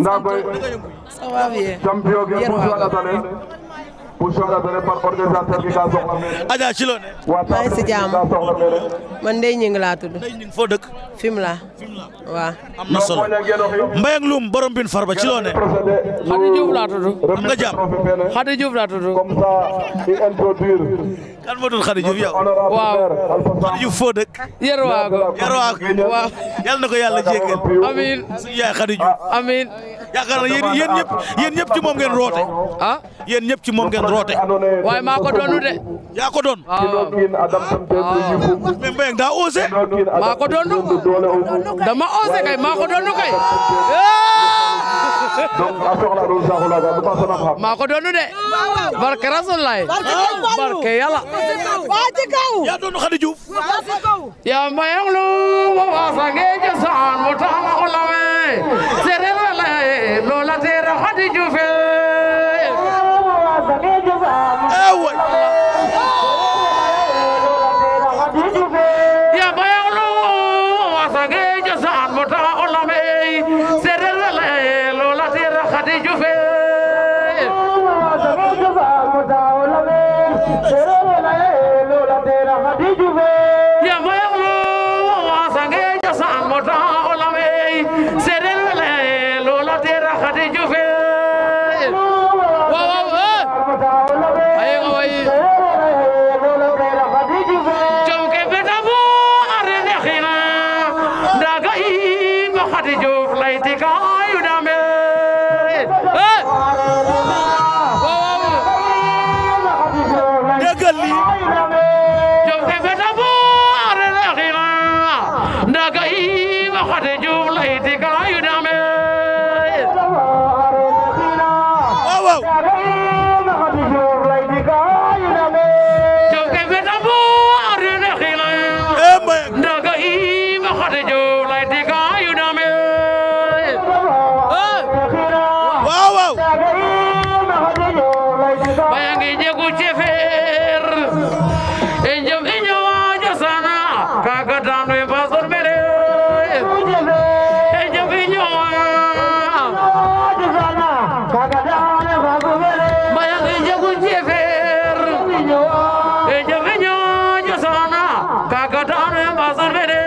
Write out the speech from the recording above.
Nda Mbaye. ça va bien. champion Adja ci loone maa ngi si jàmm man Ndeye Gningue laa tudd. Ndeye Gningue foo dëkk. Fimela. waaw. am na solo Mbaye ak Loum borom bin farba ci loone Khady Diouf laa tudd. am nga jàmm. Khady Diouf laa tudd. kan moo tudd Khady Diouf yow. waaw. Khady Diouf foo dëkk. Yerwago. Yerwago waaw. yal na ko yàlla jéggal. amiin suñu yaay Khady ah. amiin. yaakaar na yéen yéen ñëpp yéen ñëpp ci moom ngeen roote. ah yéen ñëpp ci moom ngeen roote. waaye maa ko doonu de. yaa ko doon. Ah. mais Mbayang daa osé. maa ko doonu dama osé kay maa ko doonu kay. Ah! maa ko doonu de. barke Rasulaay. barke Yàlla. waa ci kaw. yaa doonu Xadi Juuf. yaa lu ma waa sange. a Pero الجوف لا يتقال ngi jegu cefer e jom i ñowajo sana kaga tan we pastor mere e jom i ñowa mbaya ngi jegu cefer e jom i ñowajo sana kaga tan we pastor mere